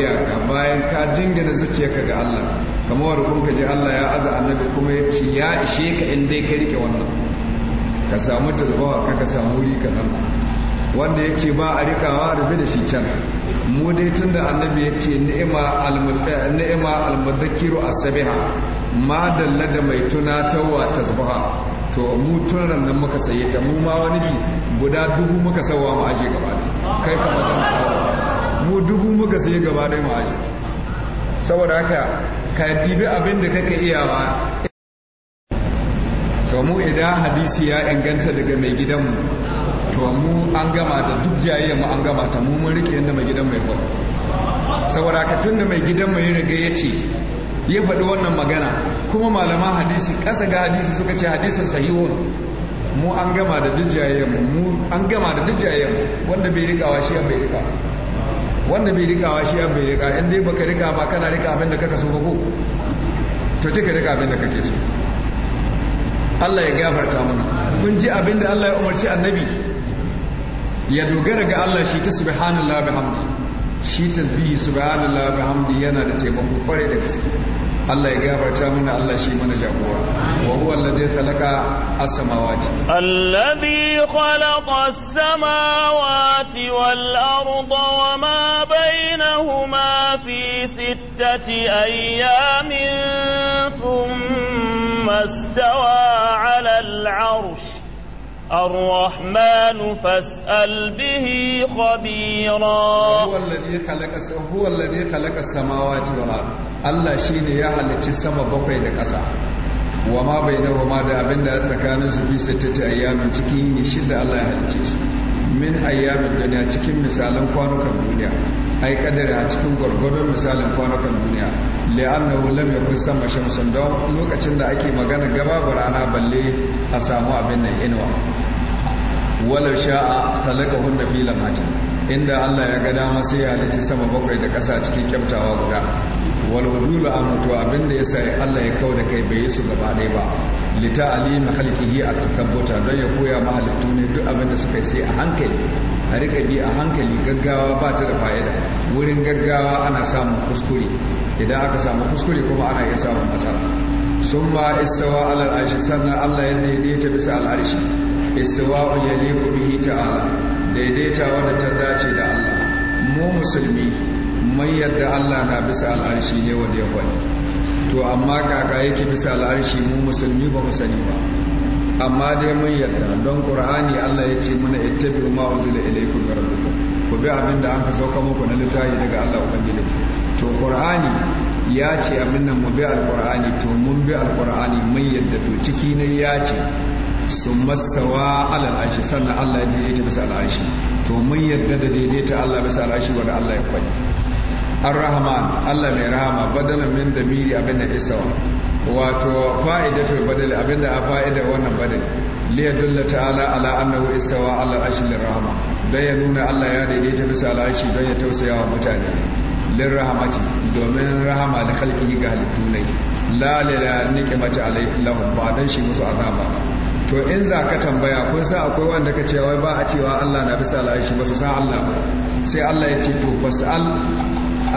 iyaka bayan ka jingina zuciyarka ga Allah kamar wanda kun ji Allah ya aza annabi kuma ya ce ya ishe ka in dai ka rike wannan ka samu tazbawa ka ka samu wuri ka nan wanda ya ce ba a rikawa rabe da shi can mu dai tun da annabi ya ce ni'ima almadakiru eh, asabiha ma dalla da mai tunatarwa tasbaha to mu tunan nan muka saye ta mu ma wani bi guda dubu muka sawa mu aje gaba kai ka magana mu dubu muka sai gaba ɗaya mu aji saboda haka ka dibi abin da kaka iya ba to mu idan hadisi ya inganta daga mai gidanmu to mu an gama da duk jayayya mu an gama ta mu mun rike yadda mai gidan mai faɗi saboda haka tun da mai gidan ya riga ya ce ya faɗi wannan magana kuma malaman hadisi ƙasa ga hadisi suka ce hadisin sahihun mu an gama da duk jayayya mu an gama da duk mu wanda bai rikawa shi bai rika wanda bai rikawa shi an bai rika in dai baka rika ba kana rika abin da kaka so ko to take rika abin da kake so Allah ya gafarta mana kun ji abin da Allah ya umarci annabi ya dogara ga Allah shi ta subhanallahi bihamdi shi tasbihi subhanallahi bihamdi yana da taimako kware da gaske Allah ya gafarta mana Allah shi mana jagora wa huwa alladhi khalaqa as-samawati alladhi khalaqa as-samawati wal arda wa ma bainahuma fi sittati ayamin thumma istawa 'ala al-'arsh الرحمن فاسأل به خبيرا هو الذي خلق هو الذي خلق السماوات والأرض Allah shi ne ya halicci sama bakwai da ƙasa wa ma bai na ma da abin da ya tsakanin su ta ta ayyamin cikin yini da Allah ya halicce su min ayyamin duniya cikin misalan kwanukan duniya ai kadari a cikin gwargwadon misalin kwanukan duniya li'annahu ya kun sama shamsun don lokacin da ake magana gaba rana balle a samu abin nan inuwa walau sha'a khalaqahu na fi inda Allah ya ga dama sai ya halitta sama bakwai da ƙasa cikin kyamtawa guda wal wudul amtu abinda yasa Allah ya kawo da kai bai yi su gaba dai ba lita alima khalqihi at takabbuta don ya koya halittu ne duk abinda suka yi sai a hankali a rika bi a hankali gaggawa ba ta da fa'ida wurin gaggawa ana samun kuskure idan aka samu kuskure kuma ana iya samun matsala sun ma istawa alal arshi sannan Allah ya daidaita bisa al arshi istawa yaliqu bihi ta'ala daidaita wadda ta dace da Allah mu musulmi mai yadda Allah na bisa al'arshi ne wadda ya kwani to amma kaka yake bisa al'arshi mu musulmi ba mu sani ba amma dai mun yadda don qur'ani Allah ya ce muna ittabi'u ma unzila ilaykum min rabbikum ku bi abin da an kaso sauka muku na littafi daga Allah ubangiji to qur'ani ya ce abin nan mu bi al-qur'ani to mun bi al-qur'ani mai yadda to ciki ne ya ce sun masawa alal sannan Allah ya daidaita bisa al'arshi to mun yarda da daidaita Allah bisa al'arshi wanda Allah ya kwai ar-rahman Allah mai rahama badalan min damiri abinda isawa wato fa'idatu badal abinda a fa'ida wannan badal li yadulla ta'ala ala annahu istawa ala arshi lirrahma dan ya nuna Allah ya daidaita bisa al'arshi don ya tausaya wa mutane lirrahmati domin rahama da khalqi ga halittu ne la la nikmati alaihi lahum ba dan shi musu azaba ba to in za ka tambaya kun sa akwai wanda ka cewa ba a cewa Allah na bisa al'arshi ba su sa Allah ba sai Allah ya ce to al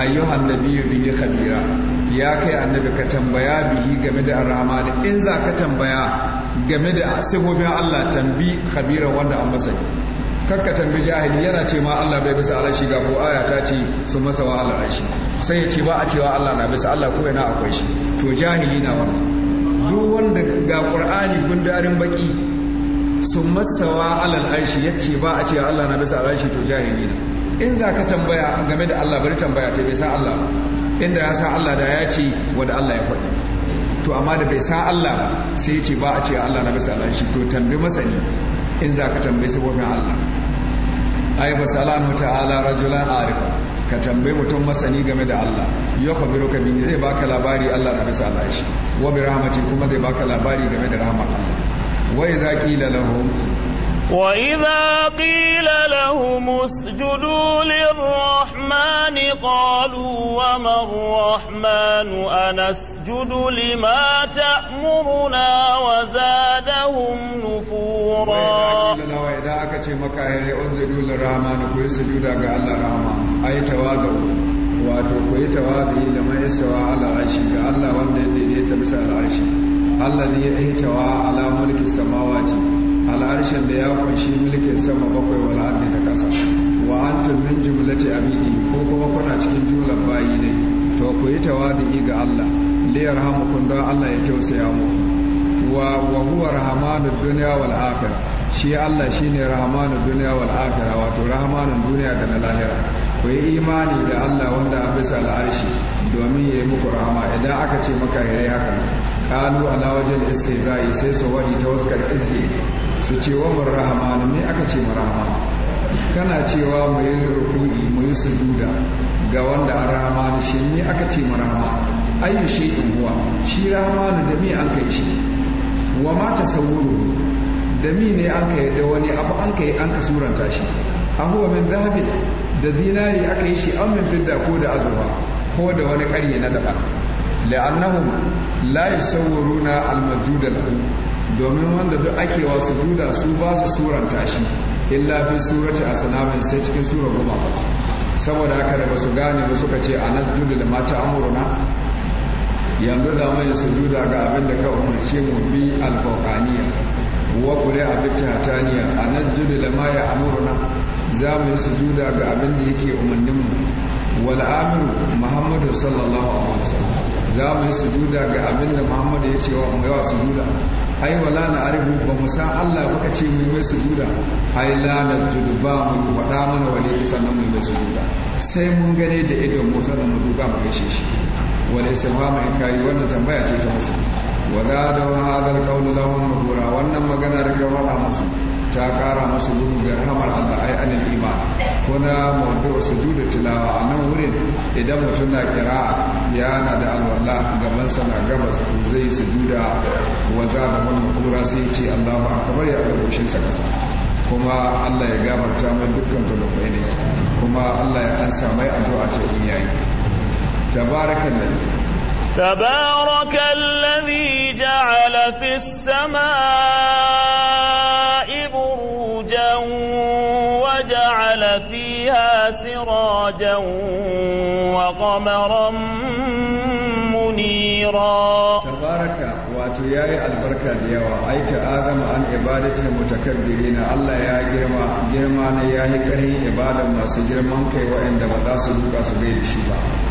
ayyuhan nabiyyu bihi khabira ya kai annabi ka tambaya bihi game da ar-rahman in za ka tambaya game da sifofin Allah tambi khabira wanda an masa kakka tambi jahili yana ce ma Allah bai bisa al'ashi ga ko aya ta ce sun masa wa al'ashi. sai ya ce ba a cewa Allah na bisa Allah ko na akwai shi to jahili na wannan duk wanda ga ƙur'ani gundarin baƙi sun masawa alal arshi ya ce ba a ce Allah na bisa arshi to jahili ne in za ka tambaya game da Allah bari tambaya ta bai sa Allah inda ya sa Allah da ya ce wadda Allah ya faɗi to amma da bai sa Allah sai ya ce ba a ce Allah na bisa arshi to tambi masani in za ka tambayi sabobin Allah ayyaba salamu ta'ala rajulan arifa ka tambayi mutum masani game da Allah ya khabiru ka bin zai baka labari Allah da bisa Allah shi wa bi rahmati kuma zai baka labari game da rahmar Allah wa idza qila lahum wa idza qila lahum usjudu lirrahmani qalu wa ma rahmanu anas واسجدوا لما تأمرنا وزادهم نفورا إذا أكتش مكاهر أنزلوا للرحمن ويسجدوا لك الله رحمة أي تواضعوا wato ku yi tawabi da mai sawa aishi ga Allah wanda ya daidaita bisa aishi Allah ne ya yi wa ala mulkin samawati arshin da ya kunshi mulkin sama bakwai wal ardi da kasa wa antum min jumlati abidi ko kuma kuna cikin jumlar bayi ne to ku yi tawabi ga Allah liyarhamukum don Allah ya tausaya mu wa wa huwa rahmanud dunya wal akhirah shi Allah shine rahmanud dunya wal akhirah wato rahmanun duniya da na lahira ku yi imani da Allah wanda a bisa al'arshi domin ya yi muku rahama idan aka ce maka hirai haka kalu ala wajen istizai sai su wadi ta wasu karfi su ce wa mun rahama ne aka ce mu rahama kana cewa mu yi ruku'i mu yi sujuda ga wanda an rahama shi ne aka ce mu rahama ayyu shay'in huwa shi ne da mi an kai shi wa ma tasawwuru da mi ne an kai da wani abu an kai an ka shi a huwa min da dinari aka yi shi an min fidda ko da azurfa ko da wani ƙarye na daban la'annahum la yasawwuruna al-majuda lahu domin wanda duk ake wa sujuda su ba su suranta shi illa fi surati asnamin sai cikin sura goma saboda aka da su gane ba suka ce anan mata amuruna yanzu da mai sujuda ga abin da ka umarce mu bi alfawqaniya wa a nan tahtaniya anajjudu lama ya amuruna za mu yi sujuda ga abin da yake umarninmu mu wal amiru muhammadu sallallahu alaihi wasallam za mu yi sujuda ga abin da muhammadu ya ce wa mu yawa sujuda ai wala na arihu ba mu san Allah muka ce mu mai sujuda ai la na ba mu faɗa mana wani sannan mu mai sujuda sai mun gane da ido mu sannan mu duka mu gaishe shi wal istifham kari wanda tambaya ce ta musu wa da wahalar hadha al qawl wannan magana da ga wada musu ta kara musu gudu ga rahamar Allah ai anil iman kuna mawdu sujudu tilawa a nan wurin idan mutum na kira'a na da alwala gaban sa na gabas su zai sujuda wa da wa mahura sai ce Allahu akbar ya ga goshin sa kasa kuma Allah ya gabarta mai dukkan zunubai ne kuma Allah ya ansa mai addu'a ta in yayi تبارك الذي تبارك الذي جعل في السماء بروجا وجعل فيها سراجا وقمرا منيرا تبارك واتي يا البركة ديوا أيت آدم عن عباده المتكبرين الله يا جرما جرمان يا هكري إبادة ما سجرمانك وإن دبداس لك سبيل شباب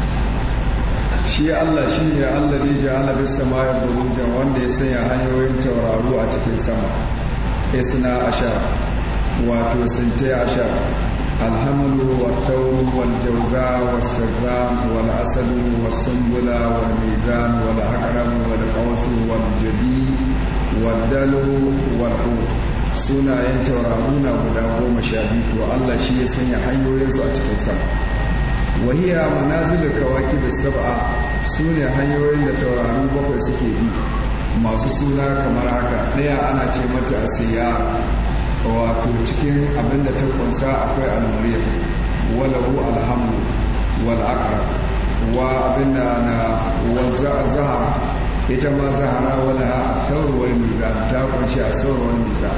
shi Allah shi ne Allah da ji ala bis samaya burujan wanda ya sanya hanyoyin tauraro a cikin sama isna ashar wato sinte ashar alhamdu wa tawru wal jawza was sirram wal asad was sumbula wal mizan wal akram wal qaws wal jadi wal dalu wal hut sunayen tauraro na guda goma sha biyu to Allah shi ya sanya hanyoyinsu a cikin sama وهي منازل كواكب السبعة su ne hanyoyin da tauraru bakwai suke bi masu suna kamar haka ɗaya ana ce mata a siya wato cikin abinda ta kunsa akwai almariya walahu alhamdu wal wa abinda na wanzu zahara ita ma zahara wala sauruwar miza ta kunshi a sauruwar miza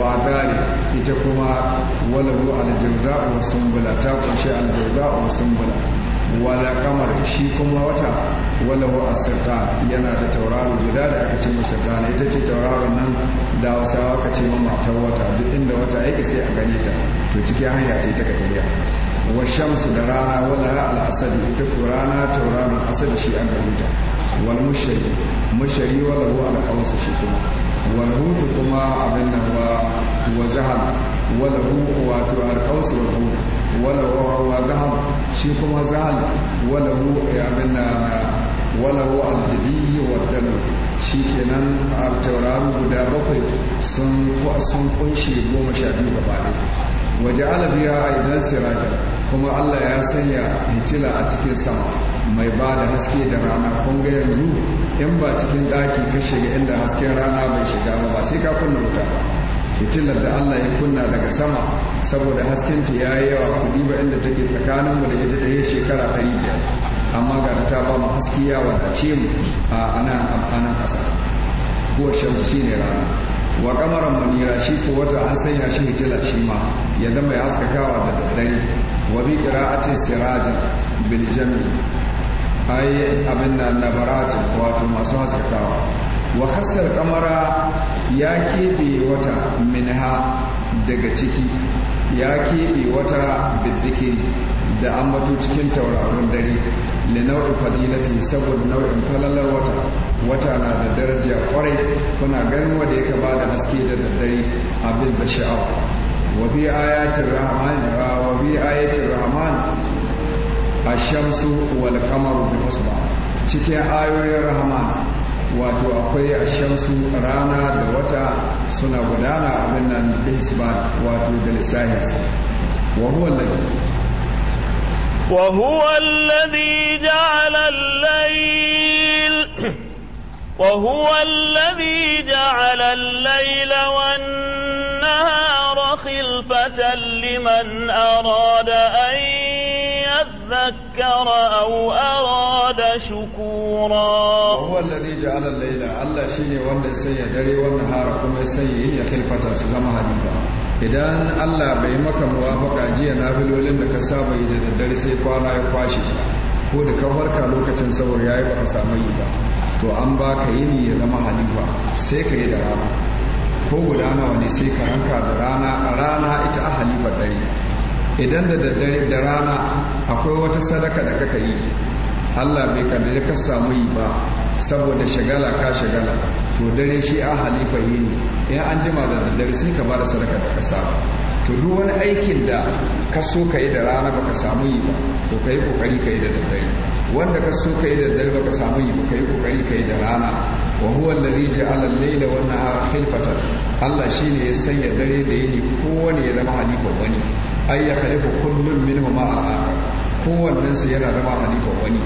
wa gari ita kuma walahu aljawza wa sumbula ta kunshi aljawza wa sumbula wala kamar shi kuma wata wala wa asirka yana da tauraro guda da aka ce masa gane ita ce tauraron nan da wasa aka ce mamata wata duk inda wata yake sai a gane ta to ciki hanya ce ta katariya wa shamsu da rana wala ha al'asad ita ku rana tauraron asad shi an gane ta wal mushari mushari wala wa al'awansa shi kuma wal hutu kuma abin nan ba wa jahal wala hu wato al'awansa wal hutu wala wa dahab shi kuma zahal wala hu eh, abin na wala hu aljadi wa dalu shi kenan a tauraron guda bakwai sun kunshi goma sha biyu gaba ɗaya waje alabiya a idan sirajar kuma allah ya sanya hitila a cikin sama mai ba da haske da rana kun yanzu in ba cikin ɗaki ka shiga inda hasken rana bai shiga ba sai ka kunna wuta ba fitilar da Allah ya kunna daga sama saboda haskinta ya yi yawa ku diba inda take tsakaninmu da ita ta yi shekara ɗari biyar amma ga ta ba mu haski ya wadace mu a anan amfanin ƙasa kuwa shamsu shi ne rana wa kamaran munira shi ko wata an sanya shi hijila shi ma ya zama ya haskakawa da daddare wa bi qira'ati sirajin bil jami abin nan nabaratin wato masu haskakawa wa kamara ya keɓe wata minha daga ciki ya keɓe wata biddikiri da ambato cikin tauraron dare da nau'in fadilati saboda nau'in falalar wata wata na da daraja kwarai kuna ganin wanda yake ba da haske da daddare abin za sha'awa wa bi ayatin rahman wa bi ayatin rahman wal qamaru bi cikin ayoyin rahman wato akwai a shamsu rana da wata suna gudana abin nan hisban wato da lissahinsu wa huwa lafi وهو الذي جعل الليل وهو الذي جعل الليل والنهار خلفة لمن أراد أن ذكر أو أراد شكورا وهو الذي جعل الليل الله شيني وانا ya دري والنهار كما fata su zama حبيبا idan Allah bai maka muwafaka jiya na filolin da ka saba yi da daddare sai kwana ya kwashe ko da ka farka lokacin saboda yayi baka samu yi ba to an ba ka yini ya zama halifa sai ka yi da rana ko gudana wani sai ka ranka da rana a rana ita a halifa dare idan da daddare da rana akwai wata sadaka da kaka yi Allah bai ka da ka samu yi ba saboda shagala ka shagala to dare shi a halifa yi ne in an jima da daddare sai ka bada sadaka da ka samu to duk wani aikin da ka so ka yi da rana baka samu yi ba to ka yi kokari ka yi da daddare wanda ka so ka yi da daddare baka samu yi ba ka yi kokari ka yi da rana wa huwa alladhi ja'ala al-layla an nahara khilfatan Allah shine ya sanya dare da yini kowane ya zama halifa wani ay ya khalifu kullum minhum al-akhar kowannen su yana da halifa wani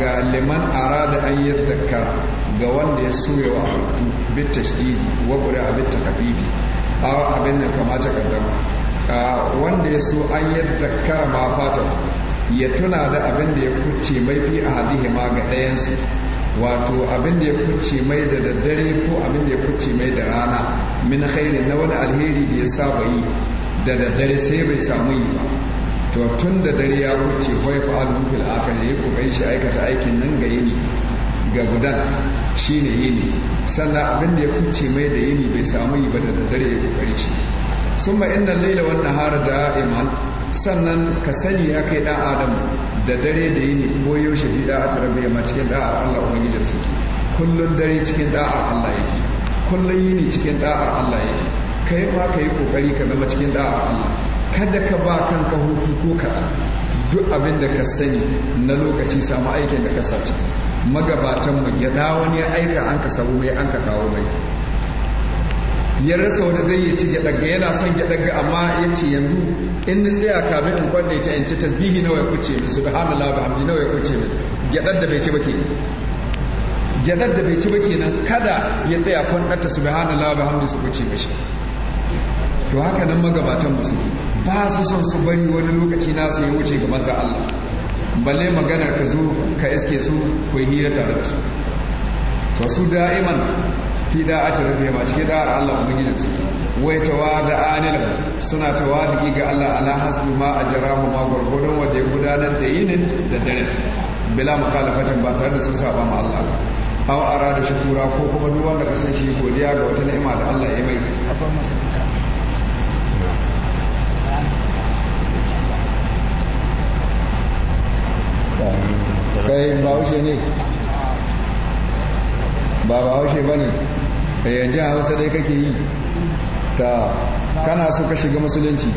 ga liman arada an yadhakkara ga wanda ya so ya wa'atu bi tashdidi wa qira'a bi takhfifi aw abin da kama ta kaddama wanda ya so an yadhakkara ma fata ya tuna da abin da ya kuce mai fi hadihi ma ga ɗayan su wato abin da ya kuce mai da daddare ko abin da ya kuce mai da rana min khairin na wani alheri da ya saba yi da daddare sai bai samu yi ba to tun da dare ya wuce kawai fa alhufil akhir ya kokarin shi aikata aikin nan ga yini ga gudan shine yini sannan abin da ya kuce mai da yini bai samu yi ba da daddare ya kokari shi summa inna laila wan nahara da'iman sannan ka sani ya kai dan adam da dare da yini ko yaushe da da'a rabe ma cikin da'a Allah ubangijin suke kullun dare cikin da'ar Allah yake kullun yini cikin da'ar Allah yake kai ma ka yi kokari ka zama cikin da'a Allah kada ka ba kanka hutu ko kaɗan duk abin da ka sani na lokaci samu aikin da ka sace magabatan mu ya da wani ya aika an ka sabo mai an ka kawo mai ya rasa wani zai ya ci gyaɗaga yana son gyaɗaga amma ya ce yanzu in ni tsaya kamin in kwanne ta yanci tasbihi nawa ya kuce min subhanallah ba hamdi nawa ya kuce min gyaɗar da bai ci ba kenan gyaɗar da bai ci ba kenan kada ya tsaya kwanɗar ta su subhanallah ba hamdi su kuce mishi to haka nan magabatan musu ba su son su bari wani lokaci na su ya wuce gaban ga Allah balle maganar ka zo ka iske su ku hira tare da su to su da'iman fi ta rabbihim ba cike da Allah gina su wai tawada anil suna tawadi ga Allah ala hasbi ma ajrahu ma gurgudun wanda ya gudanar da yinin da dare bila mukhalafatin ba tare da sun saba ma Allah aw arada shukura ko kuma duk wanda shi godiya ga wata ni'ima da Allah ya mai kai bahaushe ne ba bahaushe ba ne eh, yanzu hausa dai kake yi ta kana so ka shiga musulunci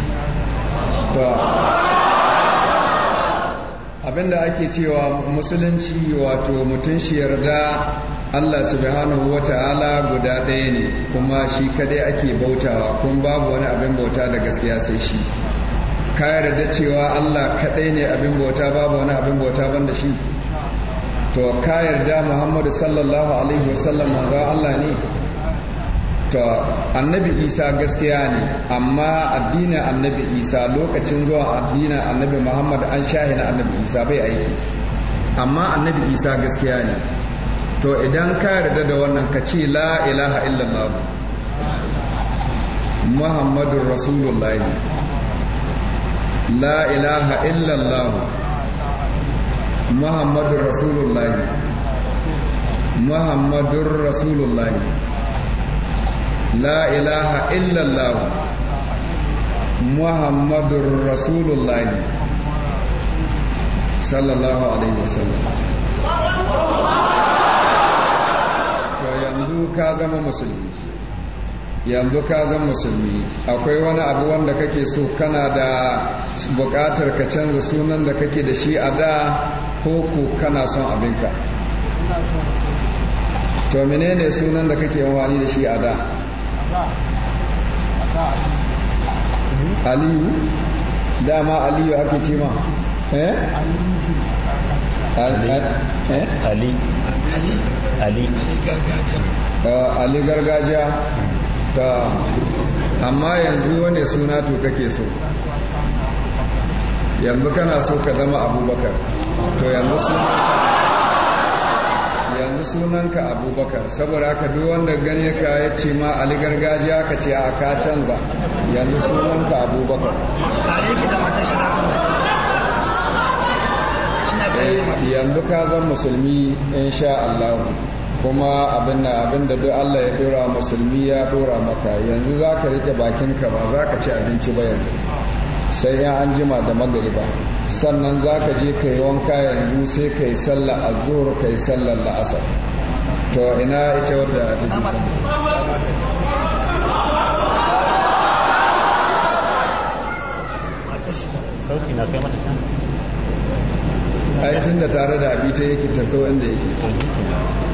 ta abinda ake cewa musulunci wato mutum shi yarda Allah subhanahu wa ta'ala guda ɗaya ne kuma shi kadai ake bautawa kuma babu wani abin bauta da gaskiya sai shi ka yarda cewa Allah kaɗai ne abin bauta babu wani abin bauta ban da shi to ka yarda Muhammadu sallallahu alaihi wasallam manzo Allah ne to annabi Isa gaskiya ne amma addinin annabi Isa lokacin zuwa addinin annabi Muhammad an shahina annabi Isa bai aiki amma annabi Isa gaskiya ne to idan ka yarda da wannan ka ce la ilaha illallah muhammadur rasulullahi la ilaha illallah muhammadur rasulullahi muhammadur rasulullahi la ilaha illallah muhammadur rasulullahi sallallahu alaihi wasallam to yanzu ka zama musulmi yanzu ka zan musulmi akwai wani abu wanda kake so kana da bukatar ka canza sunan da kake da shi a da ko ko kana son abinka to menene sunan da kake amfani da shi a da aliyu dama aliyu ake ce ma eh ali eh? ali ali gargajiya eh, ta amma yanzu wane suna to kake so yanzu kana so ka zama abubakar to yanzu yanzu sunanka abubakar saboda haka duk wanda gane ka ya ce ma ali gargajiya ka ce a ka canza yanzu sunanka abubakar eh, yanzu ka zan musulmi in sha Allah kuma abin abin da duk Allah ya dora musulmi ya dora maka yanzu za ka rike ka ba za ka ci abinci ba yanzu sai ya an jima da magariba sannan za ka je ka yi wanka yanzu sai ka yi sallar azur ka yi sallar la'asar to ina ita wadda a jiki aikin da tare da abita yake tattau inda yake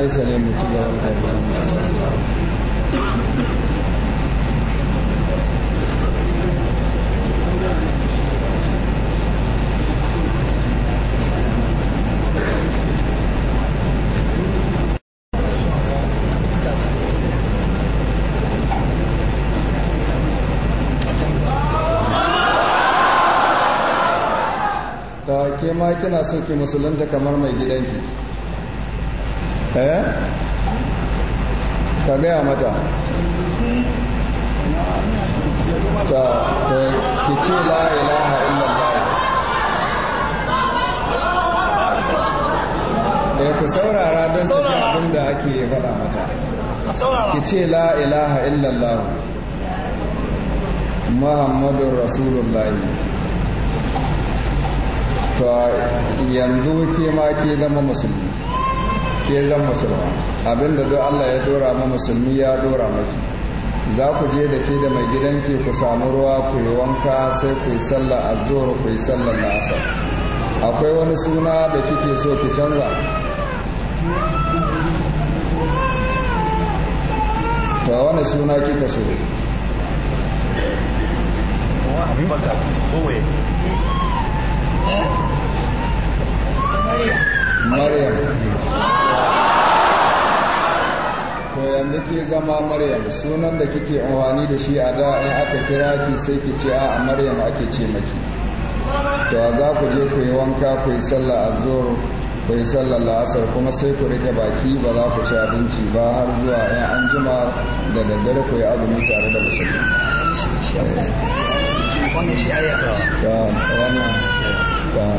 nesa ne mutu ya wata biyar masu kema kina so ki musulunta kamar mai gidanki ki eh ka gaya mata ta ke ce la ilaha illallah ya eh, ku saurara don su ji abin da ake faɗa mata ki ce la ilaha illallah muhammadun rasulullahi ta yanzu ke ma ke zama musulmi ke zan musulma abinda duk Allah ya dora ma musulmi ya dora maki za ku je da ke da mai gidanki ku samu ruwa ku yi wanka sai ku yi sallah azzuhur ku yi sallah asar akwai wani suna da kike so ki canza to wani suna kika so Abubakar, maryam to yanzu ke zama maryam sunan da kike amfani da shi a da in aka kira ki sai ki ce a maryam ake ce maki to za ku je ku yi wanka ku yi sallah azhar ku yi sallah la'asar kuma sai ku rike baki ba za ku ci abinci ba har zuwa in an jima da daddare ku yi azumi tare da musulmi wannan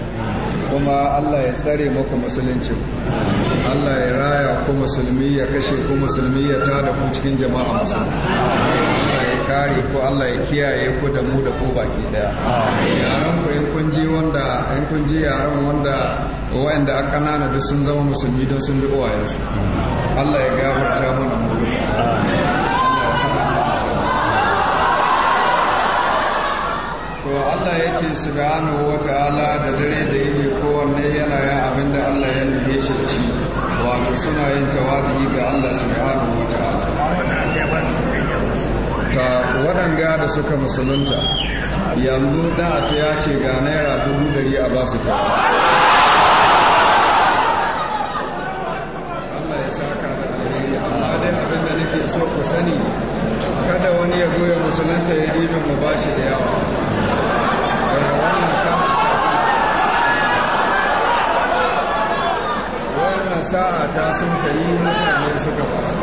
kuma Allah ya tsare muku musulunci Allah ya raya ku musulmi ya kashe ku musulmi ya da ku cikin jama'a musulmi Allah ya kare ku Allah ya kiyaye ku da mu da ku baki daya yaran ku in kun ji wanda in kun ji yaran wanda wanda a kanana duk sun zama musulmi don sun bi uwayensu Allah ya gafarta mana mu Allah ya ce subhanahu wa ta'ala da dare da yake kowanne yana ya da Allah ya nufe shi da shi wato suna yin tawadi ga Allah subhanahu wa ta'ala ta waɗanga da suka musulunta yanzu da ta ya ce ga naira dubu dari a basu kyauta ta sun yi mutane suka ba su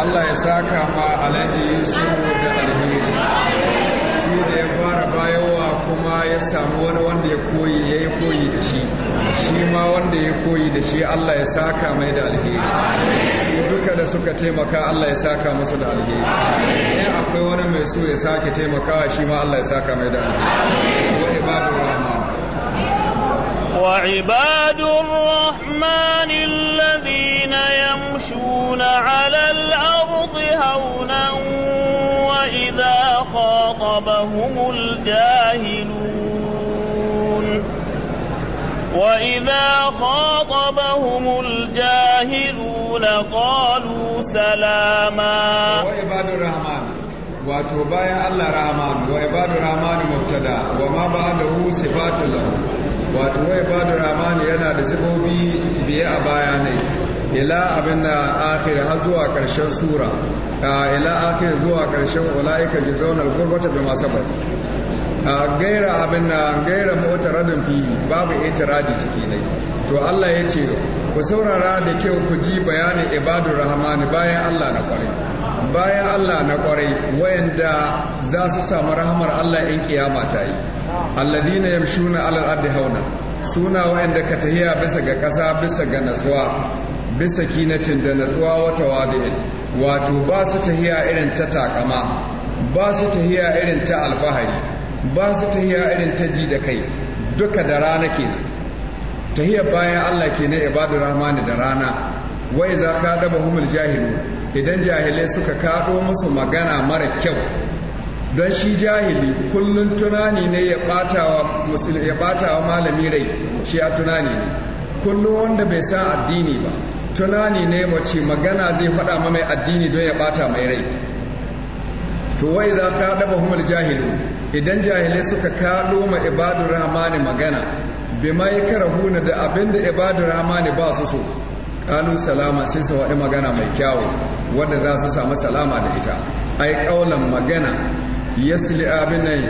Allah ya saka ma alhaji Yusuf da alheri shi da ya fara bayowa kuma ya samu wani wanda ya koyi ya yi koyi da shi shi ma wanda ya koyi da shi Allah ya saka mai da alheri su duka da suka taimaka Allah ya saka musu da alheri in akwai wani mai so ya sake taimakawa shi ma Allah ya saka mai da alheri wani babu rama وعباد الرحمن الذين يمشون على الأرض هونا وإذا خاطبهم الجاهلون وإذا خاطبهم الجاهلون قالوا سلاما وعباد الرحمن wato bayan Allah وعباد الرحمن مبتدا وما بعده صفات الله wato wai bada ramani yana da zubobi biye a baya ne ila abin da akhir har zuwa karshen sura ila akhir zuwa karshen ulaika jazawna al-qurbata bima sabat gaira abin da gaira mu'taradin fi babu itiradi ciki ne to Allah ya ce ku saurara da kyau ku ji bayanin ibadur rahmani bayan Allah na kwarai bayan Allah na kwarai wayanda za su samu rahmar Allah in kiyama ta yi alladina yamshuna alal ardi hauna suna wa'anda ka tahiya bisa ga ƙasa bisa ga natsuwa bisa kinatin da natsuwa wata wadi'in wato ba su tahiya irin ta takama ba su tahiya irin ta alfahari ba su tahiya irin ta ji da kai duka da rana ke tahiya bayan Allah ke ne ibadu rahmani da rana wai za ka daba humul jahilu idan jahilai suka kaɗo musu magana mara kyau don shi jahili kullum tunani ne ya bata wa malami rai shi ya tunani ne kullum wanda bai san addini ba tunani ne mace magana zai faɗa mai addini don ya bata mai rai to wai za ka daba humar jahilu idan jahilai suka kaɗo ma ibadu rahmani magana bai ma yi na da abinda ibadu rahmani ba su so Kanun salama sai su waɗi magana mai kyawu wanda za su samu salama da ita ai kaulan magana yasli abin nan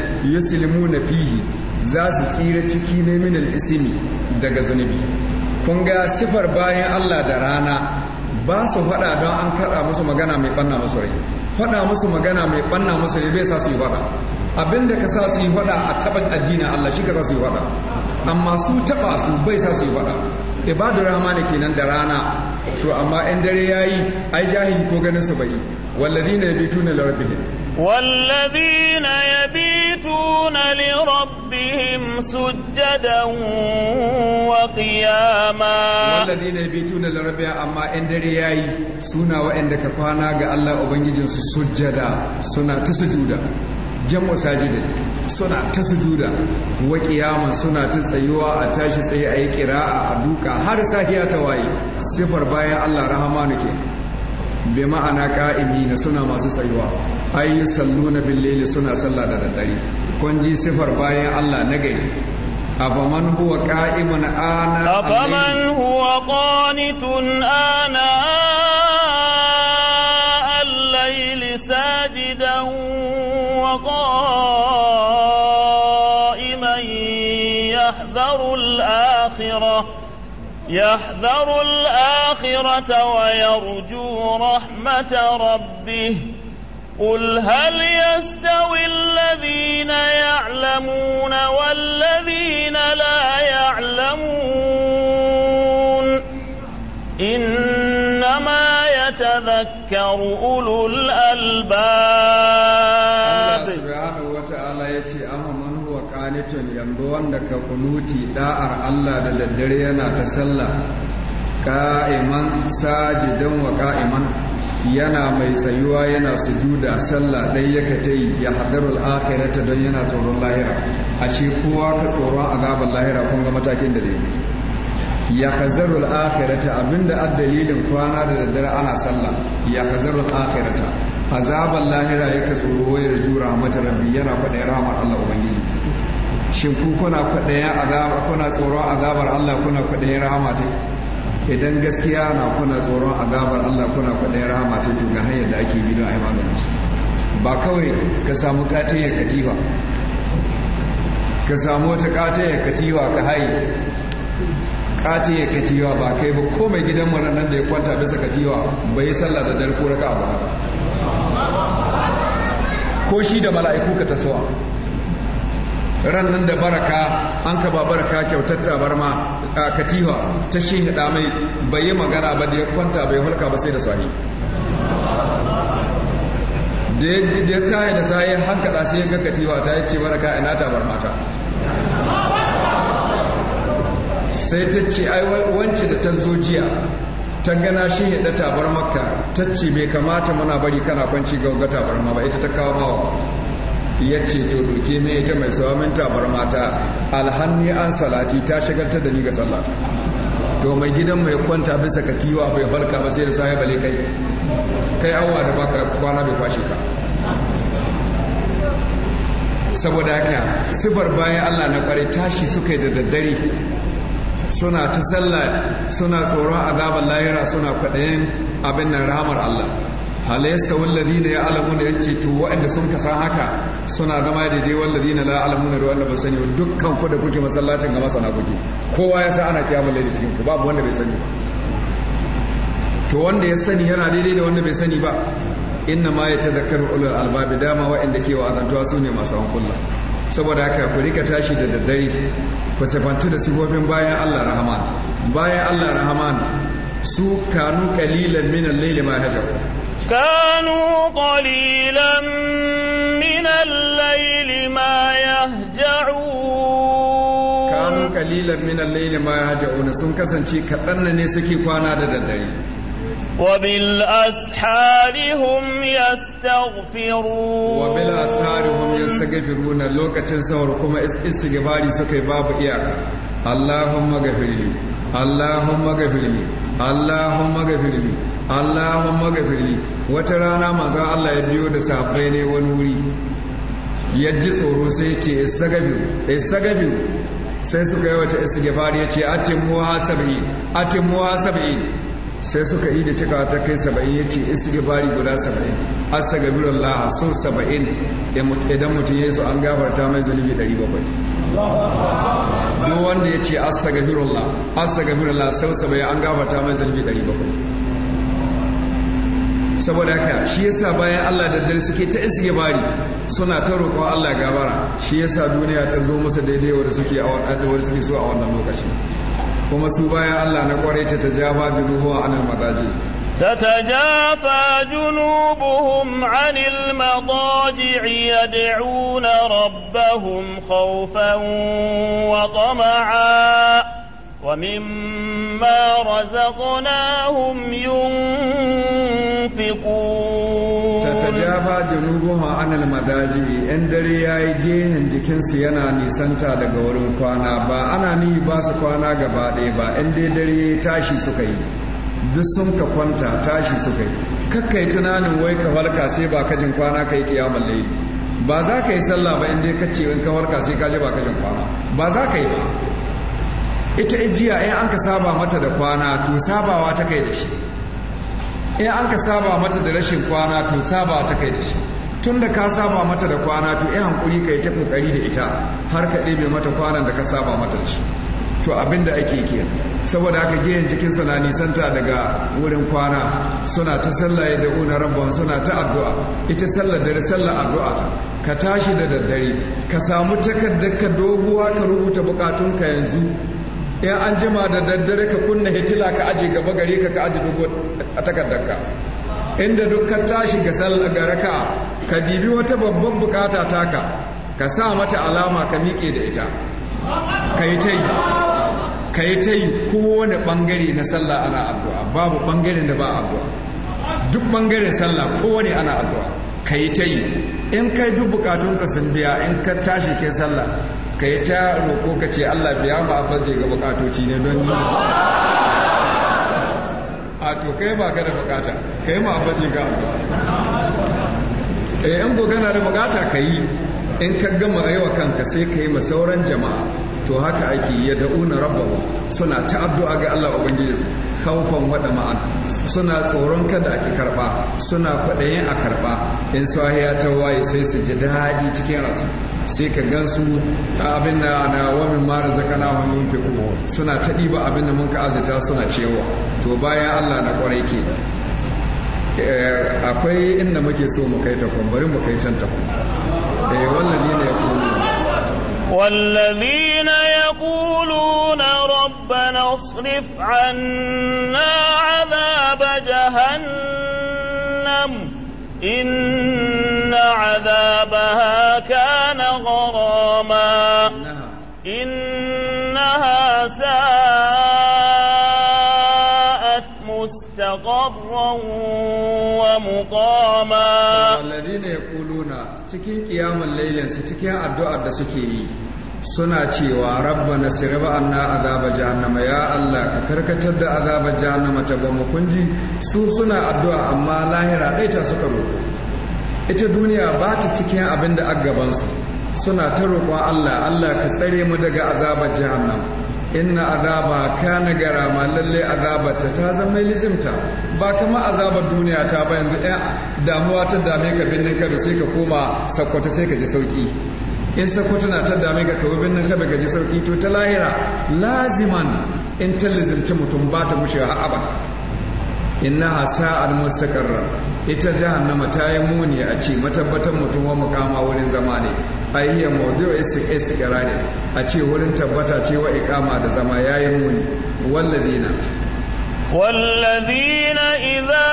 na fihi za su tsira ciki ne min al-ismi daga zunubi kun ga sifar bayan Allah da rana ba su faɗa don an karɓa musu magana mai ɓanna musu rai faɗa musu magana mai ɓanna musu rai bai sa su yi faɗa Abinda ka sa su yi faɗa a taban addinin Allah shi ka sa su yi faɗa amma su taɓa su bai sa su yi faɗa ibadu rahmani kenan da rana to amma in dare yayi ai jahili ko ganin su bai walladina yabituna lirabbihim والذين يبيتون لربهم سجدا وقياما والذين يبيتون لربهم أما إن درياي سونا وإن دكوانا قال الله أبنجي سجدا سنة تسجدا jam'u sajidin suna ta sujuda wa kiyaman suna ta tsayuwa a tashi tsaye a yi kira'a a duka har safiya ta waye sifar bayan Allah rahamanu ke bi ma'ana na suna masu tsayuwa ai salluna bil suna sallah da daddare kun ji sifar bayan Allah na gari أفمن هو قائم آناء أفمن هو قانت آناء الليل ساجدا وقائما يحذر الآخرة يحذر الآخرة ويرجو رحمة ربه قل هل يستوي الذين يعلمون والذين لا يعلمون إنما يتذكر أولو الألباب الله سبحانه وتعالى يتي أمم qanitun yanzu wanda ka kunuti da'ar Allah da daddare yana ta sallah qa'iman sajidan wa yana mai tsayuwa yana sujuda sallah ɗai ka ta yi ya hadarul akhirata don yana tsoron lahira ashe kowa ka tsoron azabar lahira kun ga matakin da zai ya hazarul akhirata abinda a dalilin kwana da daddare ana sallah ya hazarul akhirata Azabar lahira ka tsoro wayar jura mata rabbi yana faɗa rahmar Allah ubangiji shin ku kuna kwaɗayen ya tsoron azabar Allah kuna kwaɗayen rahama ta idan gaskiya na kuna tsoron azabar Allah kuna kwaɗayin rahama ta to hanyar da ake bi don a maganin su ba kawai ka samu katayyar katifa ka samu wata katayyar katifa ka haye katifa ba kai ba ko mai gidan nan da ya kwanta bisa katifa ba yi sallah da dare ko raka ba ko shi da mala'iku ka tasowa ran nan da baraka an ka ba baraka kyautar tabarma a katiha ta shi hada mai bai yi magana ba da ya kwanta bai hulka ba sai da sahi da ya yi da sahi hankala sai ya ga katiha ta ce baraka ina tabarma mata sai ta ce ai wance da ta zo jiya ta gana shi hada tabarmarka ta ce bai kamata muna bari kana kwanci ga ma ba ita ta kawo mawa ya ce to doke ne ita mai tsawamin tabar mata alhanni an salati ta shigarta da ni ga sallah to mai gidan mai kwanta bisa ka kiwa bai farka ba sai da sai bale kai kai awa da baka kwana bai kwashe ka saboda haka sifar bayan Allah na kware tashi suka yi da daddare suna ta sallah suna tsoron azabar lahira suna kwaɗayin abin nan rahamar Allah halayyasta wallazi ne ya alamu da ya ce to waɗanda sun kasan haka suna zama daidai wallazi na la'alamu na ruwan da ba sani dukkan ku da kuke masallacin ga masana kuke kowa ya sa ana kiyamun da cikin ku babu wanda bai sani ba to wanda ya sani yana daidai da wanda bai sani ba inna ma ya zakar ulul albabi dama wa'anda ke azantuwa su ne masu hankula saboda haka ku rika tashi da daddare ku sifantu da sifofin bayan Allah rahman bayan Allah rahman su kanu kalilan minan laili ma hajaru kanu qalilan الليل ما يهجعون كانوا قليلا من الليل ما يهجعون سن كسانشي كدان ne suke kwana da daddare وبالأسحار هم يستغفرون وبالأسحار هم يستغفرون لوكacin sahur kuma istighfari suke babu iyaka اللهم اغفر لي اللهم اغفر لي اللهم اغفر لي اللهم اغفر لي wata rana manzon Allah ya biyo da sahabbai ne wani wuri ya ji tsoro sai ce istagabiru sai suka yi wata istighfar ya ce atimuha sab'in atimuha sab'in sai suka yi da cika ta kai saba'in ya ce istighfari guda saba'in astagfirullah so saba'in idan mutum ya su an gafarta mai zunubi 700 duwanda ya ce astagfirullah astagfirullah sau saba'in an gafarta mai zalibi 700 saboda haka shi yasa bayan Allah da dare suke ta bari suna ta roƙon Allah gabara shi yasa duniya ta zo musu daidai wanda suke a wannan suke so a wannan lokaci kuma su bayan Allah na kware ta tajaba dunuwa anal madaji تتجافى جنوبهم عن المضاجع يدعون wa خوفا وطمعا ومما رزقناهم yun. ينفقون تتجافى جنوبها عن المضاجع ان دري yi gehen jikinsu yana nisanta daga wurin kwana ba ana ni ba su kwana gaba ɗaya ba in dai dare tashi suka yi duk sun ka kwanta tashi suka yi kakkai tunanin wai ka farka sai ba kajin kwana kai kiyamul layli ba za ka yi sallah ba inda ka ce in ka farka sai ka ji ba kajin kwana ba za ka yi ba ita ijiya in an ka saba mata da kwana to sabawa ta kai da shi in an ka saba mata da rashin kwana to saba ta kai da shi tun da ka saba mata da kwana to in hankuri ka yi ta kokari da ita har ka ɗebe mata kwanan da ka saba mata da shi to abin da ake ke saboda haka giyan jikin suna nisanta daga wurin kwana suna ta sallaye da una rabban suna ta addu'a ita sallar dare sallar addu'a ta ka tashi da daddare ka samu takardar ka doguwa ka rubuta bukatunka yanzu in an jima da daddare ka kunna hitila ka aje gaba gare ka ka aje dubu a takardarka inda duk ka tashi ga sallar ka dibi wata babban bukata taka ka sa mata alama ka miƙe da ita ka yi ta yi ka yi ta yi kowane ɓangare na sallah ana addu'a babu ɓangare da ba addu'a duk ɓangaren sallah kowane ana addu'a ka yi ta yi in kai duk ka sun biya in ka tashi ke sallah ka yi ta roƙo ka ce Allah biya mu abba ga bukatoci ne don ni a to kai ba ka da bukata ka yi mu abba zai ga abba eh in ko da bukata ka yi in ka gama aiwa kanka sai ka yi ma sauran jama'a to haka ake ya da'una ba suna ta addu'a ga Allah ubangiji khawfan waɗa ma'an suna tsoron kada ake karba suna kwaɗayin a karba in sahiya ta waye sai su ji daɗi cikin rasu sai ka gan gansu abin da na wamin mara zakana hannun fiku suna ta ɗiba abin da mun ka azita suna cewa to bayan allah na kwarai ke eh, akwai inda muke so mu kai takwan bari mu kai can takwan eh wallahi ne ya kuma والذين يقولون ربنا اصرف عنا عذاب جهنم إن عذابها كان غراما إنها ساءت مستقرا ومقاما الذين يقولون تكين قيام الليل ستكين addu'ar da suna cewa rabba na sirba anna azaba jahannama ya Allah ka karkatar da azaba jahannama ta bamu kunji su suna addu'a amma lahira dai ta suka roƙo ita duniya ba ta cikin abin da aggaban su suna ta roƙon Allah Allah ka tsare mu daga azaba jahannama inna azaba kana garama lalle azaba ta ta zama lizimta ba kama azabar duniya ta ba yanzu eh, damuwa ta dame ka binnin ka sai ka koma sakkwato sai ka ji sauki in sako tana ta dami ga kawai birnin kabe gaji sauki to ta lahira laziman in ta mutum ba ta mushe ha aban. inna al mustaqarra ita jahannama ta yi muni a ce matabbatan mutum wa mukama wurin zama ne ayyuka mawdu'u istiqrar ne a ce wurin tabbata ce wa iqama da zama yayi muni walladina walladina idza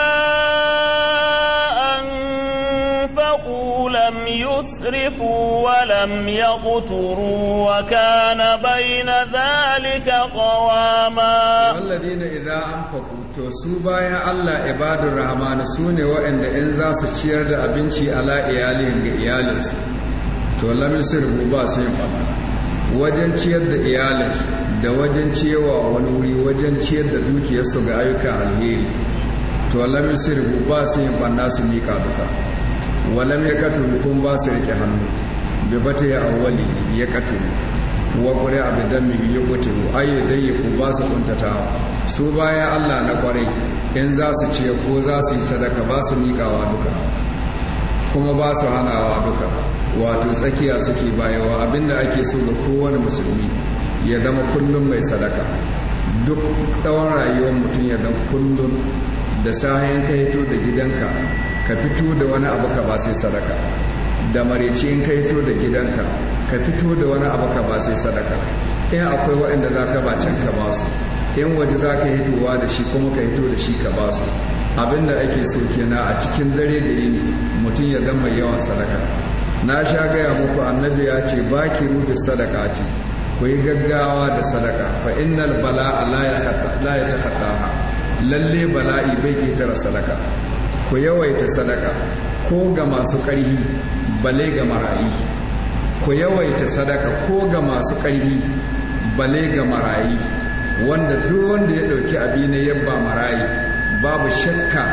anfaqu lam yu أسرفوا ولم يقتروا وكان بين ذلك قواما والذين إذا أنفقوا to su bayan Allah ibadur rahman su ne waɗanda in za su ciyar da abinci a iyalin ga iyalinsu to lamin sirbu ba su yi ɓana wajen ciyar da iyalinsu da wajen ciyawa wani wuri wajen ciyar da dukiyarsu ga ayyuka alheri to lamin sirbu ba su yi ɓana su miƙa duka walam ya katulu kun ba su rike hannu bi bata ya awwali ya katulu wa kure abu dammi ya kutulu ayyu dai ku ba su kuntatawa su bayan Allah na kwarai in za su ce ko za su yi sadaka ba su miƙawa duka kuma ba su hanawa duka wato tsakiya suke bayawa abinda ake so ga kowane musulmi ya zama kullum mai sadaka duk tsawon rayuwar mutum ya zama kullum da sahayin ka hito da gidanka ka fito da wani abu ka ba sai sadaka da mareci ka hito da gidanka ka fito da wani abu ka ba sai sadaka in akwai waɗanda za ka bacin ka ba su in waje za ka hitowa da shi kuma ka hito da shi ka ba su abin da ake so kenan a cikin dare da yini mutum ya zama yawan sadaka na sha gaya muku annabi ya ce ba ki rubi sadaka ce ku yi gaggawa da sadaka fa innal bala'a la ya takhataha lalle bala'i bai ke tara sadaka ku yawaita sadaka ko ga masu ƙarfi bale ga marayi ku yawaita sadaka ko ga masu ƙarfi bale ga marayi wanda duk wanda ya ɗauki abi ne yabba marayi babu shakka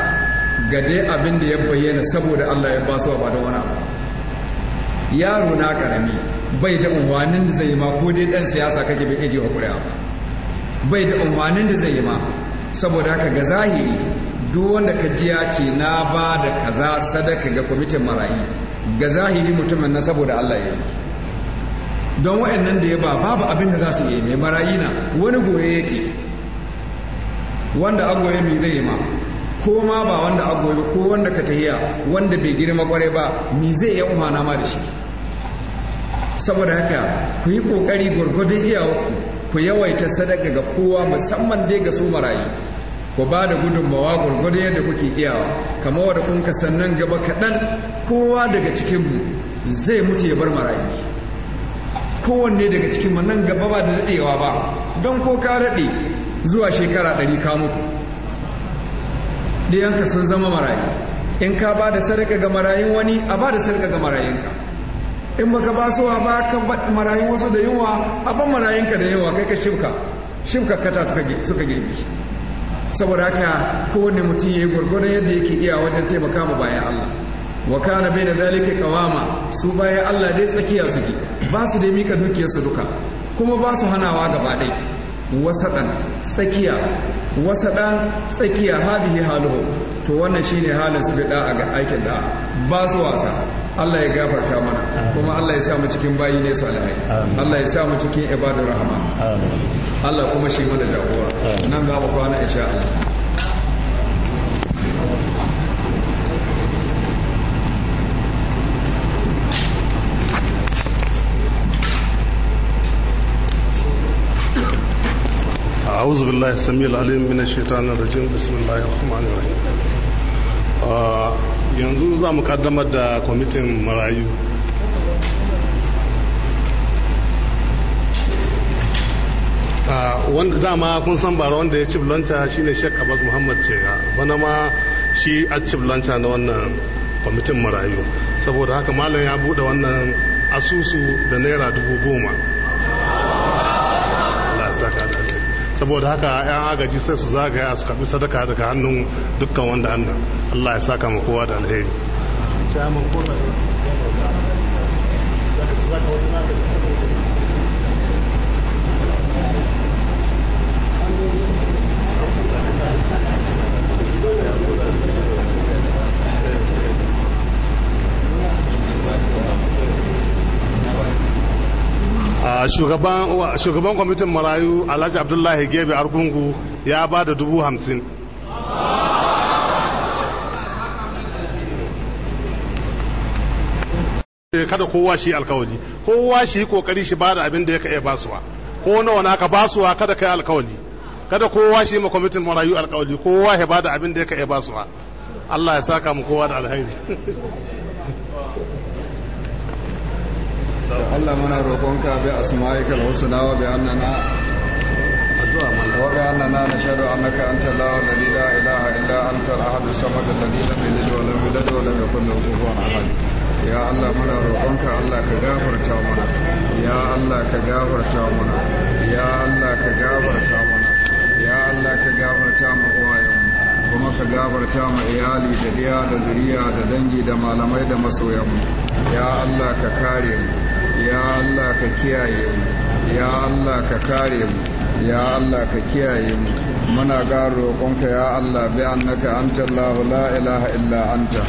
ga dai abin da ya bayyana saboda Allah ya ba su ba da wani abu yaro na karami bai da unwanin da zai yi ma ko dai dan siyasa kake bai kaje wa ƙuri'a bai da unwanin da zai yi ma saboda haka ga zahiri duk wanda ka ji ce na ba da kaza sadaka ga kwamitin marayi ga zahiri mutumin na saboda Allah ya yi don wa'annan da ya ba babu abin da za su yi mai marayi na wani goye yake wanda agoye mai zai ma ko ma ba wanda agoye ko wanda ka tahiya wanda bai girma kwarai ba mi zai ya umana ma da shi saboda haka ku yi kokari gwargwadon iyawarku ku yawaita sadaka ga kowa musamman dai ga su marayi ku ba da gudunmawa gwargwado yadda kuke iyawa kama wadda kun ka sannan gaba kaɗan kowa daga cikinmu zai mutu ya bar marayi kowanne daga cikinmu nan gaba ba da daɗewa ba don ko ka daɗe zuwa shekara ɗari ka mutu ɗiyanka sun zama marayi in ka ba da sadaka ga marayun wani a ba da sadaka ga marayunka in baka ba suwa ba ka marayun wasu da yunwa a ban marayunka da yunwa kai ka shimka shimka kata suka girbi shi. saboda haka kowane mutum ya yi gwargwadon yadda yake iya wajen taimaka ma bayan Allah wa kana bai da zalika kawama su bayan Allah dai tsakiya suke ba su dai mika dukiyarsu duka kuma ba su hanawa gaba ɗai wasaɗan tsakiya wasaɗan tsakiya hadihi haluhu to wannan shine halin su bi da'a ga aikin da ba su wasa Allah ya gafarta mana kuma Allah ya sa mu cikin bayi ne salihai Allah ya sa mu cikin ibadar rahama Allah kuma shi mana jagora nan ga ba kwana insha Allah أعوذ بالله السميع العليم من الشيطان الرجيم بسم الله الرحمن الرحيم yanzu za mu kaddamar da kwamitin marayu ah, wanda dama kun san bara wanda ya ciblanta shine shek Abbas Muhammad Cega bana ma shi a ciblanta na wannan kwamitin marayu saboda haka malam ya bude wannan asusu da naira dubu goma saboda haka yan agaji sai su zagaya su karbi sadaka daga hannun dukkan wanda annan Allah ya saka mu kowa da alheri Thank you. shugaban kwamitin marayu alhaji abdullahi gebe argungu ya ba da dubu hamsin eh, kada kowa shi alkawali kowa shi kokari shi ba da abin da ya ka'e basuwa ko nawa na ka basuwa kada ka yi alkawali kada kowa shi ma kwamitin marayu alkawali kowa ya ba da abin da ya ka'e basuwa Allah ya saka mu kowa da alhairi Allah muna roƙonka bi asma'ikal husna wa bi annana وبأننا نشهد أنك أنت الله الذي لا إله إلا أنت الأحد الصمد الذي لم يلد ولم يولد ولم يكن له كفوا أحد ya Allah muna roƙonka Allah ka gafarta mana ya Allah ka gafarta mana ya Allah ka gafarta mana ya Allah ka gafarta mu uwayen kuma ka gafarta mu iyali da diya da zuriya da dangi da malamai da masoyan ya Allah ka kare mu ya Allah ka kiyaye mu ya Allah ka kare mu ya Allah ka kiyaye mu muna ga roƙonka ya Allah bi annaka anta Allah la ilaha illa anta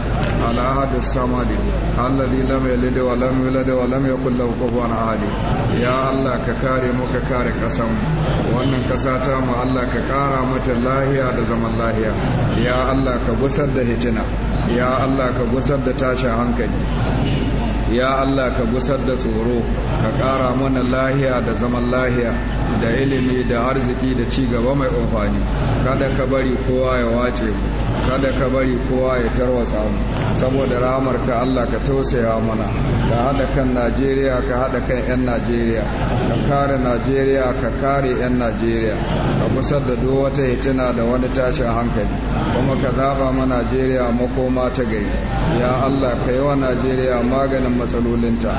ala ahad samadi alladhi lam yalid wa lam yulad wa lam yakul lahu kufuwan ahad ya Allah ka kare mu ka kare kasan wannan kasa ta mu Allah ka kara mata lahiya da zaman lahiya ya Allah ka gusar da hitina ya Allah ka gusar da tashin hankali ya Allah ka gusar da tsoro ka ƙara mana lahiya da zaman lahiya da ilimi da arziki da ci gaba mai amfani kada ka bari kowa ya wace mu kada ka bari kowa ya tarwatsa mu saboda ka Allah ka tausaya mana ka haɗa kan Najeriya ka haɗa kan 'yan Najeriya ka kare Najeriya ka kare 'yan Najeriya ka kusa da duk wata hitina da wani tashin hankali kuma ka zaba mana Najeriya makoma ta gari ya Allah ka yi wa Najeriya maganin matsalolinta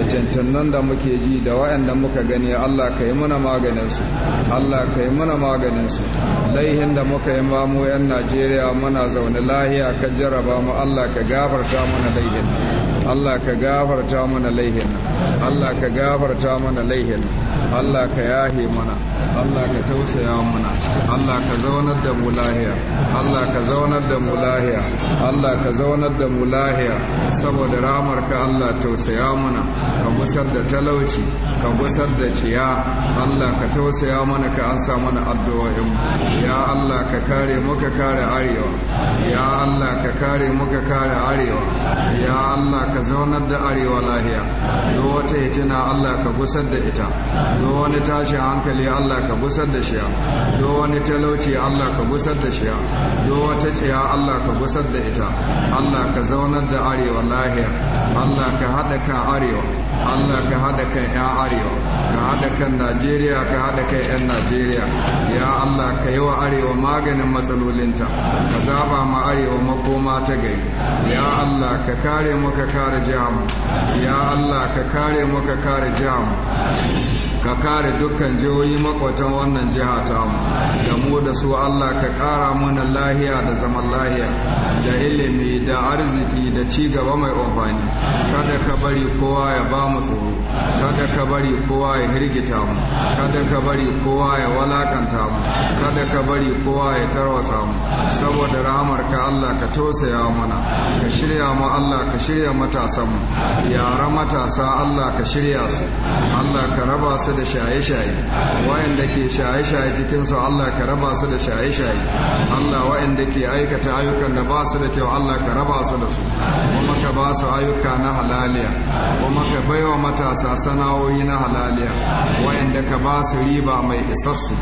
hitintunan da muke ji da waɗanda muka gani Allah ka yi maganin su Allah ka yi maganin su laihin da muka yi mamu 'yan Najeriya muna zaune lahiya ka jarraba mu Allah ka gafarta mana laihin Allah ka gafarta mana laihin Allah ka gafarta mana laihin Allah ka yahe mana Allah ka tausaya mana Allah ka zaunar da mu lahiya Allah ka zaunar da mu lahiya Allah ka zaunar da mu lahiya saboda ramar ka Allah tausaya mana ka gusar da talauci ka gusar da ciya Allah ka tausaya mana ka an sa mana addu'o'in ya Allah ka kare mu ka kare arewa ya Allah ka kare mu ka kare arewa ya Allah ka zaunar da arewa lahiya duk wata hitina Allah ka gusar da ita do wani tashi hankali Allah ka busar da shi do wani talauci Allah ka busar da shi do wata tsiya Allah ka busar da ita Allah ka zaunar da arewa lahiya Allah ka haɗa kan arewa Allah ka haɗa kan 'yan arewa ka haɗa kan Najeriya ka haɗa kan 'yan Najeriya ya Allah ka yi wa arewa maganin matsalolinta ka zaba ma arewa makoma ta gari ya Allah ka kare muka kare jihar ya Allah ka kare mu ka kare jihar ka kare dukkan jihohi makwatan wannan jiha tamu da mu da su Allah ka ƙara mana lahiya da zaman lahiya da ilimi da arziki da ci gaba mai amfani kada ka bari kowa ya ba mu tsoro kada ka bari kowa ya hirgita mu kada ka bari kowa ya walakanta mu kada ka bari kowa ya tarwatsa mu saboda ka Allah ka tausaya mana ka shirya mu Allah ka shirya matasan mu yara matasa Allah ka shirya su Allah ka raba su su da shaye-shaye ke shaye-shaye cikinsu Allah ka raba su da shaye-shaye Allah wa'anda ke aikata ayyukan da ba su da kyau Allah ka raba su da su kuma ka ba su ayyuka na halaliya kuma ka baiwa matasa sana'o'i na halaliya wa'anda ka ba su riba mai isassu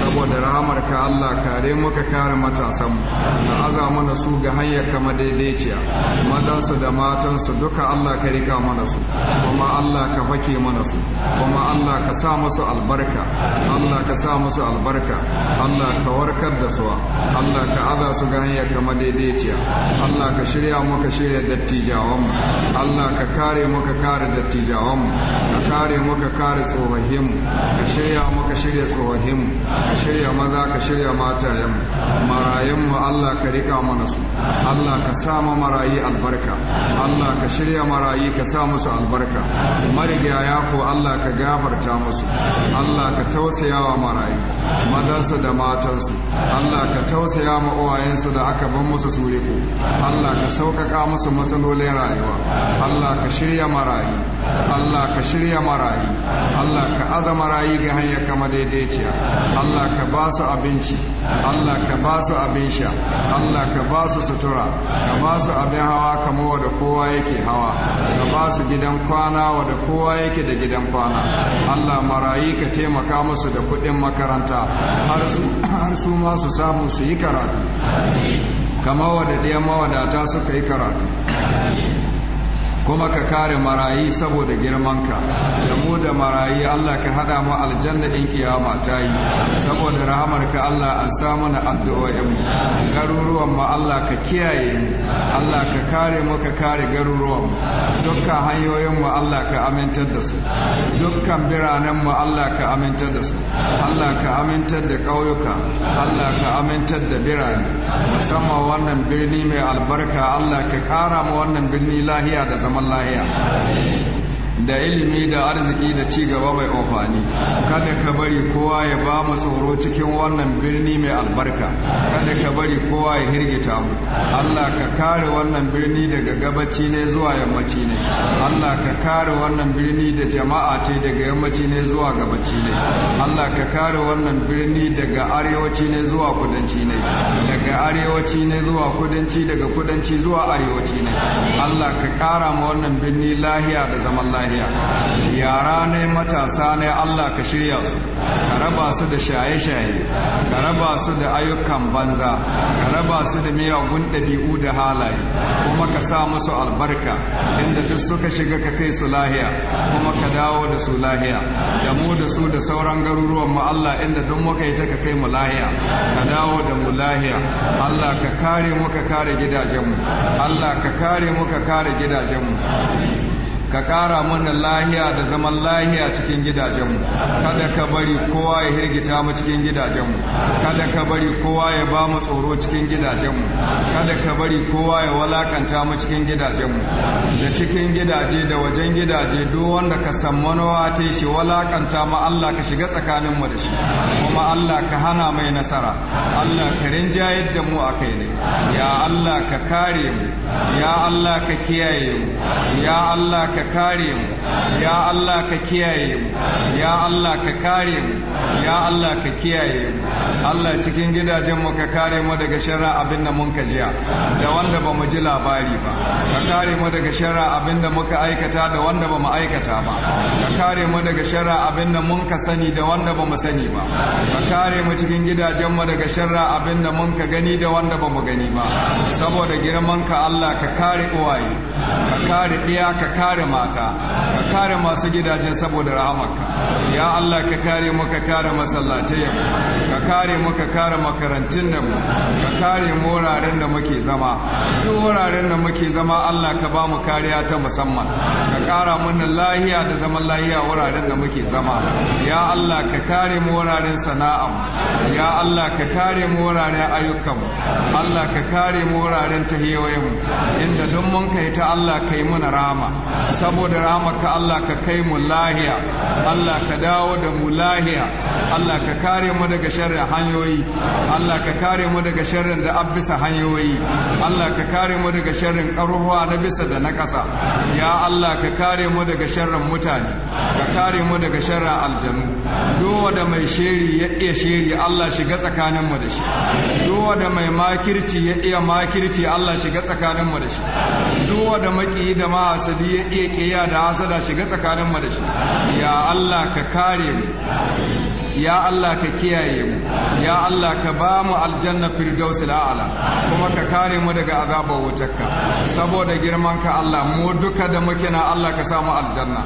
saboda rahamar ka Allah kare mu ka kare matasan mu ka aza mana su ga hanyar kama daidaiciya madansu da matansu duka Allah ka rika mana su kuma Allah ka fake mana su kuma Allah ka sa musu albarka Allah ka sa musu albarka Allah ka warkar da su Allah ka aza su ga hanya kama daidaiciya Allah ka shirya muka shirya dattijawan mu Allah ka kare muka ka kare dattijawan mu ka kare muka ka kare tsofaffin mu ka shirya muka shirya tsofaffin mu ka shirya maza ka shirya matayen mu marayen mu Allah ka rika mana su Allah ka sa mu marayi albarka Allah ka shirya marayi ka sa musu albarka marigaya ko Allah ka gafarta mu musu Allah ka tausaya wa marayu madansu da matansu Allah ka tausaya ma uwayensu da aka bar musu suriku Allah ka sauƙaƙa musu matsalolin rayuwa Allah ka shirya marayu Allah ka shirya marayu Allah ka aza marayu ga hanyar kama daidaiciya Allah ka ba su abinci Allah ka ba su abin sha Allah ka ba su sutura ka ba su abin hawa kamar wada kowa yake hawa ka ba su gidan kwana wanda kowa yake da gidan kwana Allah marayi ka taimaka masu da kudin makaranta har su masu samu su yi karatu kama wadda mawadata suka yi karatu kuma ka kare marayi saboda ka da mu da marayi Allah ka hada mu aljanna din kiyama ta yi saboda rahamarka Allah an sa mana addu'o'in garuruwan mu Allah ka kiyaye mu Allah ka kare mu ka kare garuruwan mu dukkan hanyoyin mu Allah ka amintar da su dukkan biranen mu Allah ka amintar da su Allah ka amintar da ƙauyuka Allah ka amintar da birane musamman wannan birni mai albarka Allah ka ƙara ma wannan birni lahiya da zaman lahiya da ilimi da arziki da ci gaba mai amfani kada ka bari kowa ya ba mu tsoro cikin wannan birni mai albarka kada ka bari kowa ya hirgita mu Allah ka kare wannan birni daga gabaci ne zuwa yammaci ne Allah ka kare wannan birni da jama'a ce daga yammaci ne zuwa gabaci ne Allah ka kare wannan birni daga arewaci ne zuwa kudanci ne daga arewaci ne zuwa kudanci daga kudanci zuwa arewaci ne Allah ka kara mu wannan birni lahiya da zaman lahiya Najeriya yara ne matasa ne Allah ka shirya su ka raba su da shaye-shaye ka raba su da ayyukan banza ka raba su da miyagun ɗabi'u da halaye kuma ka sa musu albarka inda duk suka shiga ka kai su lahiya kuma ka dawo da su lahiya da mu da su da sauran garuruwan mu Allah inda duk muka yi ta ka kai mu lahiya ka dawo da mu lahiya Allah ka kare mu ka kare gidajenmu Allah ka kare mu ka kare gidajenmu ka ƙara mana lahiya da zaman lahiya cikin gidajenmu kada ka bari kowa ya hirgita mu cikin gidajenmu kada ka bari kowa ya ba mu tsoro cikin gidajenmu kada ka bari kowa ya walakanta mu cikin gidajenmu da cikin gidaje da wajen gidaje duk wanda ka sammanowa ta shi walakanta mu Allah ka shiga tsakanin mu da shi kuma Allah ka hana mai nasara Allah ka rinjayar da mu a kai ne ya Allah ka kare mu ya Allah ka kiyaye mu ya Allah ka ka kare mu ya Allah ka kiyaye mu ya Allah ka kare mu ya Allah ka kiyaye mu Allah cikin gidajen mu ka kare mu daga sharra abin da mun kajiya da wanda ba mu ji labari ba ka kare mu daga sharra abin da muka aikata da wanda ba mu aikata ba ka kare mu daga sharra abin da mun ka sani da wanda ba mu sani ba ka kare mu cikin gidajen mu daga sharra abin da mun ka gani da wanda ba mu gani ba saboda girman ka Allah ka kare uwaye ka kare ɗiya ka kare mata ka kare masu gidajen saboda rahamarka ya Allah ka kare mu ka kare masallatai ka kare mu ka kare makarantun da mu ka kare mu wuraren da muke zama duk wuraren da muke zama Allah ka ba mu kariya ta musamman ka kara mana lahiya da zaman lahiya wuraren da muke zama ya Allah ka kare mu wuraren sana'a ya Allah ka kare mu wuraren ayyukan Allah ka kare mu wuraren tahiyoyin inda duk mun kai ta Allah kai muna rama saboda rama ka Allah ka kai mu lahiya Allah ka dawo da mu lahiya Allah ka kare mu daga sharrin hanyoyi Allah ka kare mu daga sharrin da abisa hanyoyi Allah ka kare mu daga sharrin karuwa na bisa da na ƙasa ya Allah ka kare mu daga sharrin mutane ka kare mu daga sharrin aljanu Dowa da mai sheri ya iya sheri Allah shiga tsakaninmu da shi Dowa da mai makirci ya iya makirci Allah shiga tsakaninmu da shi Dowa da maki da mahasadi ya iya kiya da hasada shiga tsakaninmu da shi ya Allah ka kare mu ya Allah ka kiyaye mu ya Allah ka ba mu aljanna firdaus la'ala kuma ka kare mu daga azabar wutarka saboda girman ka Allah mu duka da muke na Allah ka samu aljanna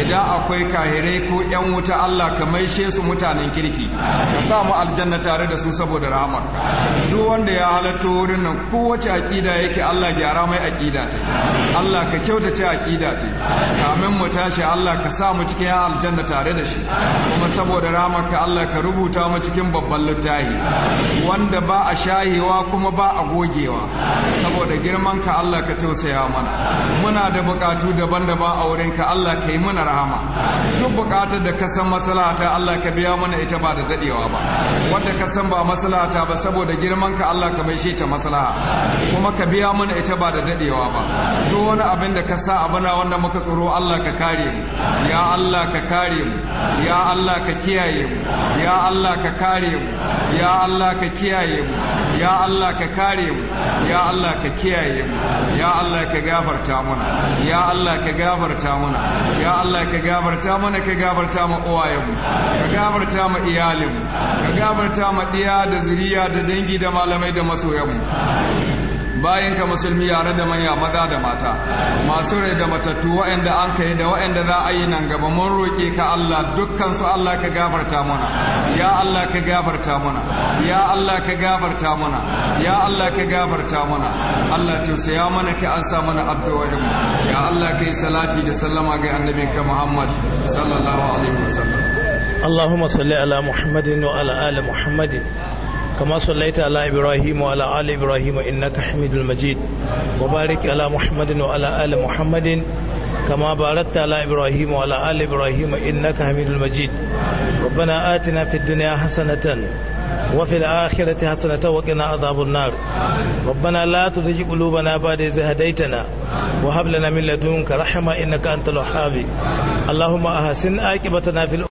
idan akwai kahirai ko yan wuta Allah ka maishe su mutanen kirki ka samu aljanna tare da su saboda rahamarka duk wanda ya halatta wurin nan kowace akida yake Allah gyara mai akida ta Allah ka ce akida ta kamin mu tashi Allah ka sa mu cikin aljanna tare da shi kuma saboda rahamarka ka Allah ka rubuta mu cikin babban littafi wanda ba a shayewa kuma ba a gogewa saboda girman ka Allah ka tausaya mana muna da bukatu daban-daban a wurin ka Allah ka yi mana rahama duk bukatar da ka san maslahata Allah ka biya mana ita ba da dadewa ba wanda ka san ba maslahata ba saboda girman ka Allah ka maishe ta maslaha kuma ka biya mana ita ba da dadewa ba duk wani abin da ka sa abana wanda muka tsoro Allah ka kare mu ya Allah ka kare mu ya Allah ka kiyaye mu ya Allah ka kare mu ya Allah ka kiyaye mu ya Allah ka kare mu ya Allah ka kiyaye mu ya Allah ka gafarta mana ya Allah ka gafarta mana ya Allah ka gafarta mana ka gafarta mu uwayen mu ka gafarta mu iyalin mu ka gafarta mu diya da zuriya da dangi da malamai da masoyan mu bayan ka musulmi yare da manya maza da mata masu rai da matattu waɗanda an kai da waɗanda za a yi nan gaba mun roƙe ka Allah dukkan su Allah ka gafarta mana ya Allah ka gafarta mana ya Allah ka gafarta mana ya Allah ka gafarta mana Allah ya mana ka an sa mana addu'o'in ya Allah kai salati da sallama ga annabinka Muhammad sallallahu alaihi wasallam اللهم صل على محمد وعلى آل محمد كما صليت على إبراهيم وعلى آل إبراهيم إنك حميد المجيد وبارك على محمد وعلى آل محمد كما باركت على إبراهيم وعلى آل إبراهيم إنك حميد المجيد ربنا آتنا في الدنيا حسنة وفي الآخرة حسنة وقنا عذاب النار ربنا لا تزغ قلوبنا بعد إذ هديتنا وهب لنا من لدنك رحمة إنك أنت الوهاب اللهم أحسن عاقبتنا في